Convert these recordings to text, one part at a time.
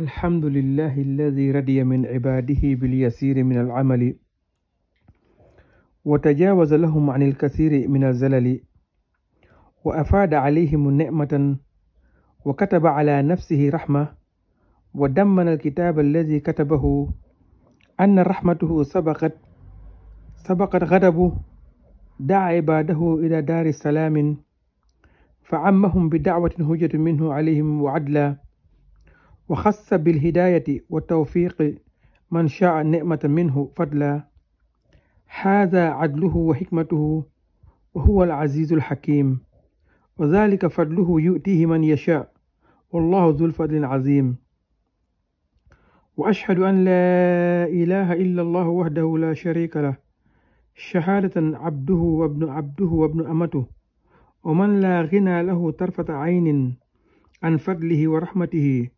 الحمد لله الذي رضي من عباده باليسير من العمل وتجاوز لهم عن الكثير من الزلل وأفاد عليهم نعمة وكتب على نفسه رحمة ودمن الكتاب الذي كتبه أن رحمته سبقت سبقت غضبه دعا عباده إلى دار السلام فعمهم بدعوة هجة منه عليهم وعدلا وخص بالهداية والتوفيق من شاء نعمة منه فضلا هذا عدله وحكمته وهو العزيز الحكيم وذلك فضله يؤتيه من يشاء والله ذو الفضل العظيم وأشهد أن لا إله إلا الله وحده لا شريك له شهادة عبده وابن عبده وابن أمته ومن لا غنى له طرفة عين عن فضله ورحمته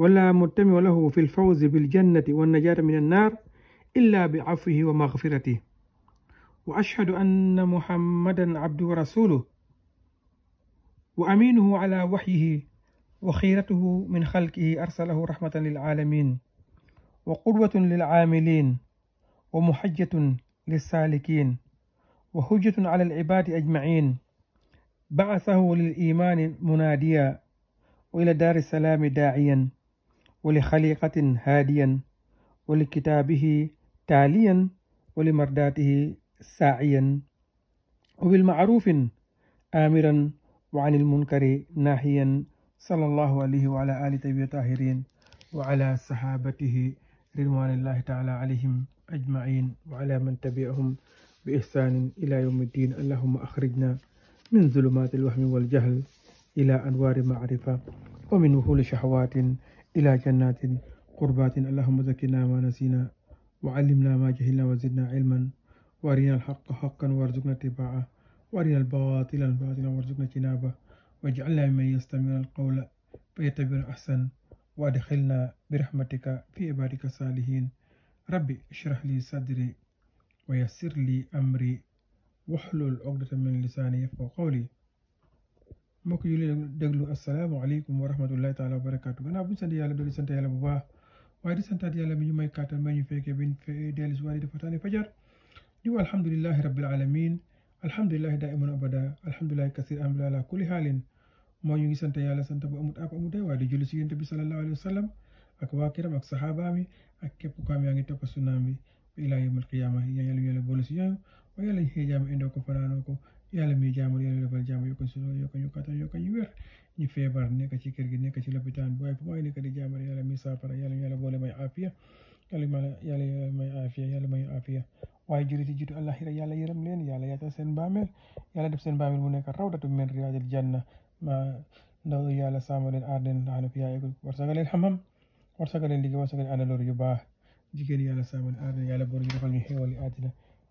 ولا متمع له في الفوز بالجنة والنجاة من النار إلا بعفوه ومغفرته وأشهد أن محمدا عبده ورسوله وأمينه على وحيه وخيرته من خلقه أرسله رحمة للعالمين وقدوة للعاملين ومحجة للسالكين وحجة على العباد أجمعين بعثه للإيمان مناديا وإلى دار السلام داعيا ولخليقة هاديا ولكتابه تاليا ولمرداته ساعيا وبالمعروف آمرا وعن المنكر ناهيا صلى الله عليه وعلى آله طيبين الطاهرين وعلى صحابته رضوان الله تعالى عليهم أجمعين وعلى من تبعهم بإحسان إلى يوم الدين اللهم أخرجنا من ظلمات الوهم والجهل إلى أنوار معرفة ومن وهول شهوات إلى جنات قربات اللهم ذكرنا ما نسينا وعلمنا ما جهلنا وزدنا علما وارنا الحق حقا وارزقنا اتباعه وارنا الباطل باطلا وارزقنا اجتنابه واجعلنا ممن يستمعون القول فيتبعون احسن وادخلنا برحمتك في عبادك الصالحين ربي اشرح لي صدري ويسر لي امري واحلل عقدة من لساني يفقه قولي mbokk yu leen déglu alaykum wa rahmatullahi taala wa barakaatu gannaaw bu ñu sant yàlla dolli sant yàlla bu baax waaye di santaat yàlla mi ñu may kàttan may ñu fekkee biñ dellu si waaye dafa taani fajar di wa alhamdulilahi rabbil alamin alhamdulilahi daiman abada alhamdulilahi kasir amla ala kulli halin moo ñu ngi sant yàlla sant bu amut ak amut day waaye di julli si yonent bi sallallahu alayhi wa sallam ak waa kiram ak sahaba mi ak képp ko am yaa ngi topp sunnaam bi ba ilaa yawmal qiyaama yàlla ñu yàlla boole si ñoom wa yàlla ñu xëy jaam indoo ko fanaanoo ko yàlla mi jaamal yàlla defal jaamu yokk si loolu yokk ñu kattan yokk ñu wér ñu ci kër gi nekk ci lopitaan bu waaye fu may nekk di jaamal yàlla mi saafara yàlla yàlla may afiya yàlla yàlla may afiya yàlla may afiya jiitu àllaxira yàlla leen yàlla yaatal seen baameel yàlla def mu baameel mu nekk rawdatu min riyaadil janna ma ndaw yàlla sàmm leen aar leen daanaka yaa ngi warsagal leen xam-xam warsagal leen liggéey warsagal leen àndaloor yu baax jigéen yàlla sàmm leen aar leen yàlla boole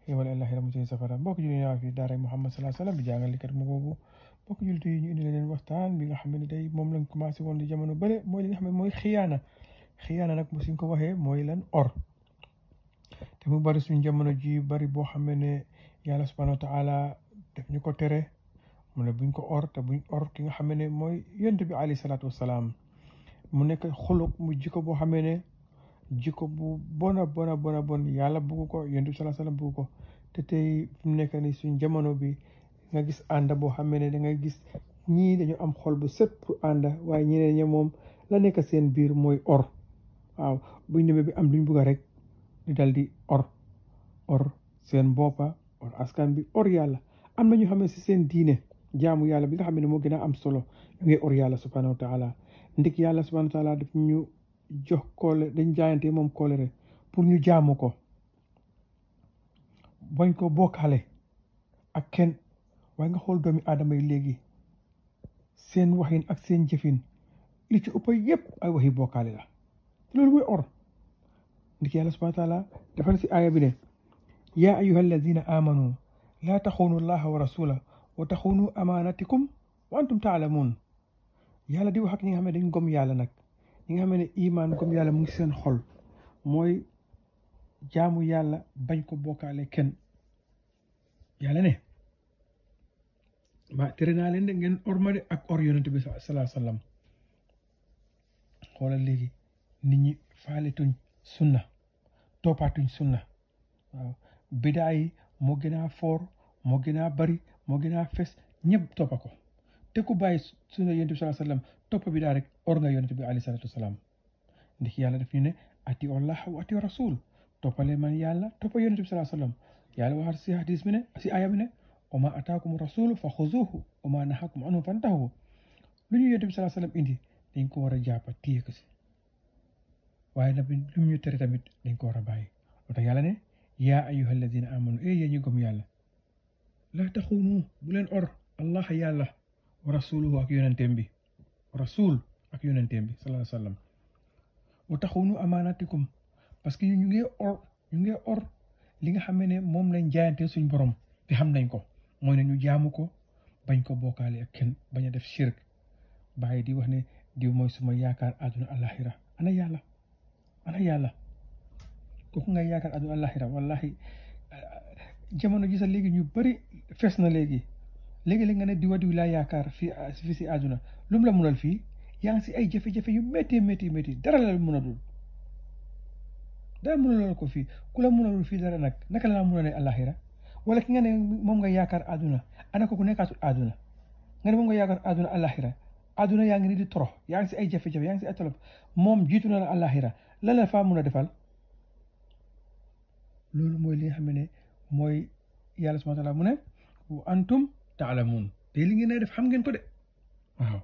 yebal allah ramu ci safara mbokk julli ñaa fi daara Muhammad sallallahu alayhi wasallam bi jàngalekat mu boobu mbokk julli yi ñu indi leen waxtaan bi nga xam ne day moom lañ commencé woon di jamono mooy li nga xam ne mooy xiyaana xiyaana suñ ko waxee eh, mooy lan or mu bari suñ jamono ji bari boo xam ne yàlla subhanahu wa taala def ñu ko tere mu ne buñ ko or te buñ or ki nga xam ne mooy yonent bi alayhi salaatu mu nekk xuluk mu jikko boo xam ne jikko bu bona bona bona bon yàlla bugg ko yonent bi sallallahu alayhi wasallam bugg ko te tey fi mu nekk nii suñ jamono bi nga gis ànd boo xam ne da nga gis ñii dañu am xol bu set pour ànd waaye ñeneen ña moom la nekk seen biir mooy or waaw buñ demee bi am luñ bugg rek di dal di or or seen boppa or askan bi or am na ñu xam ne si seen diine jaamu yàlla bi nga xam ne moo gën a am solo ñu ngi or yàlla subhanahu wa taala ndik yàlla subhanahu wa taala daf ñu jox koole dañ jaayante moom koole rek pour ñu jaamu ko bañ ko bokkaale ak kenn waaye nga xool doomi aadama yi léegi seen waxin ak seen jëfin li ci ëpp yëpp ay waxi bokkaale la te loolu mooy or ndiki yàlla subhana taala dafa si aaya bi ne yaa ayuha alladina amanu laa taxoonu allaha wa rasula wa taxoonu amanatikum wa antum taalamuun yàlla di wax ak ñi nga xam ne dañ gom yàlla nag ñi nga xam ne iman gom yàlla mu ngi seen xol mooy jaamu yàlla bañ ko bokkaale kenn yàlla ne ma tere naa leen de ngeen ormale ak or yonent bi salaa sallam xoolal léegi nit ñi faaletuñ sunna toppaatuñ sunna waaw moo gën a foor moo gën a bari moo gën a fes ñëpp toppa ko te ku su sunna yonent bi salaa sallam toppa bidaa rek or nga yonent bi alayhi salaatu wasalaam ndax yàlla daf ñu ne ati allah wa ati rasul topale man yo allah toppa yonente bi sa sallam yo si hadis ne si aya bi ne oma atakum rasulu fa xuzuhu oma nahakum anhu fantahu lu ñu sallallahu bi wasallam indi dañ ko wara a jàppa téye ko si waaye nag lu tere tamit dañ ko war yàlla ne amanu e yéen gum yàlla la takhunu bu or allah yàlla wa rasuluhu ak yonenteem bi rasul ak yonenteem bi sallallahu alayhi wasallam wa takhunu amanatikum parce que ñu ngi or ñu ngi or li nga xam ne moom lañ jaayante suñ borom te xam nañ ko mooy ne ñu jaamu ko bañ ko bokkaale ak kenn bañ a def shirk bàyyi di wax ne diw mooy suma yaakaar àdduna àllaaxira ana yàlla ana yàlla kooku ngay yaakaar àdduna àllaaxira wallahi jamono ji sax léegi ñu bari fees na léegi léegi-léeg nga ne diwa diw laa yaakaar fi fii si àdduna lu la la munal fii yaa ngi si ay jafe-jafe yu métti métti dara la munalul dara mënuloo ko fii ku la mënalul fii dara nag naka la mënalee àlaxira wala ki nga ne moom nga yaakaar àdduna ana ko ku nekkaatul àdduna nga ne moom nga yaakaar àdduna àlaxira àdduna yaa ngi nii di torox yaa ngi si ay jafe-jafe yaa ngi si ay tolof moom jiitu na la àlaxira la la faa mun a defal loolu mooy li nga xam ne mooy yàlla subhaana mu ne wa antum taalamuun te li ngeen def xam ngeen ko de waaw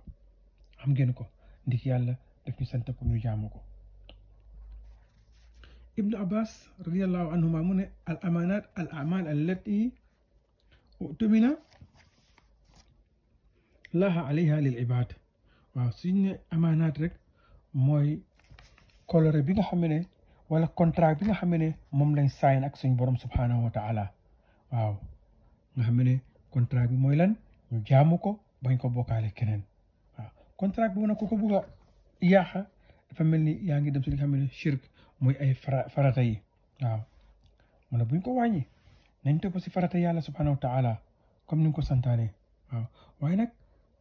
xam ngeen ko ndik yàlla daf ñu sant pour jaamu ko ابن عباس رضي الله عنهما من الأمانات الأعمال التي اؤتمن لها عليها للعباد وسن أمانات رك موي كولر بيغا خامني ولا كونتراك بيغا خامني موم لاي ساين اك سن بوروم سبحانه وتعالى واو nga xamné contrat bi moy lan ñu jaamu ko bañ ko bokalé keneen contrat bu nak ko ko buga yaaxa dafa melni yaangi dem ci li xamné shirk muy eh, ay farata yi waaw mu ne buñ ko wàññi nañ tëbb si farata yàlla subhanahu wa taala comme ni nga ko santaane waaw waaye nag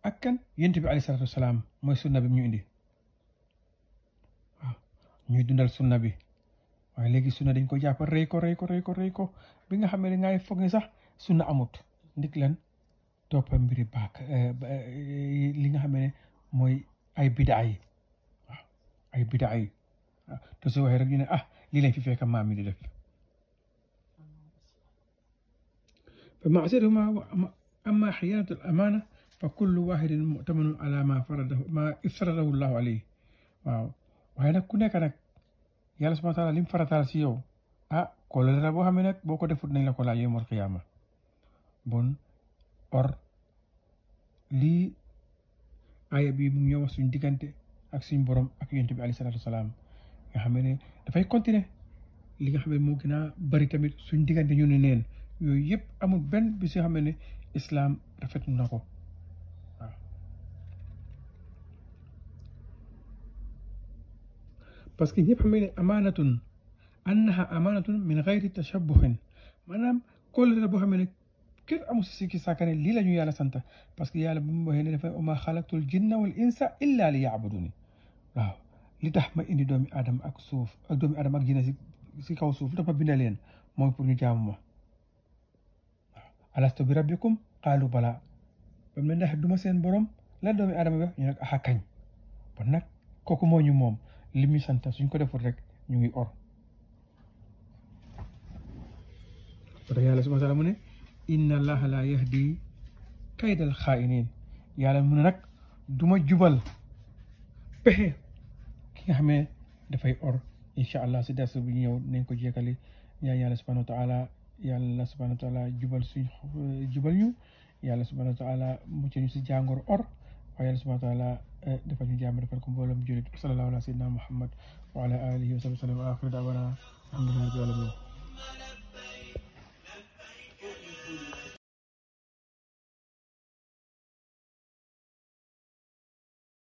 ak kan yent bi alayhi salatu wasalaam mooy sunna bi mu ñu indi waaw ñuy dundal sunna bi waaye léegi sunna dañ ko jàpp rëy ko rëy ko rëy ko rëy ko bi nga xam ne ngay foog ne sax sunna amut ndik lan toppa mbiri baak eh, eh, li nga xam ne mooy ay bidaa yi waaw ay bidaa yi تسوى هي رجلنا اه ليلا في فيها كم عميل لف فمع ذلك أما حيانة الأمانة فكل واحد مؤتمن على ما فرده ما افترضه الله عليه واو وهنا كنا كنا يا الله سبحانه وتعالى لم فرد سيو اه كل ربوها منك بوكو دفوت نيلا كل يوم القيامة بون or li ayat bi mu ñëw suñu digante ak suñu borom ak yëneñu bi alayhi nga xam ne dafay continuer li nga xam ne moo gën a bari tamit suñ diggante ñu ne neen yooyu yëpp amul benn bi si xam ne islam rafet na ko waaw parce que ñëpp xam ne amaanatun annaha amaanatun min gayri tashabuhin maanaam kóllëre boo xam ne kenn amul si sikki sàkka ne lii la ñu yàlla sant parce que yàlla bu mu waxee ne dafay oma xalaqtul jinna wal insa illa li yaabuduni waaw li tax ma indi doomi aadama ak suuf ak eh, doomi aadama ak jinne si si kaw suuf li tax ma binda leen mooy pour ñu jaamu ma alastu bi rabbikum qaalu bala bam ne ndax seen borom la doomi aadama bi ñu nag axa kañ bon nag kooku moo ñu moom li suñ ko defut rek ñu ngi or ba tax subhanahu wa taala mu inna allaha la yahdi kaydal xaa'iniin yàlla mu ne nag jubal ki nga dafay or incha allah si dars bu ñëw nañ ko jekkali ñaan yàlla subhanahu wa taala yàlla subhanahu wa taala jubal suñ eh, jubal ñu yàlla subhanahu wa taala mucc si jàngoro or waaye yàlla subhanahu wa taala eh, defal ñu jàmm defal ko mboolem julit sallallahu ala sayyidina muhammad wa ala alihi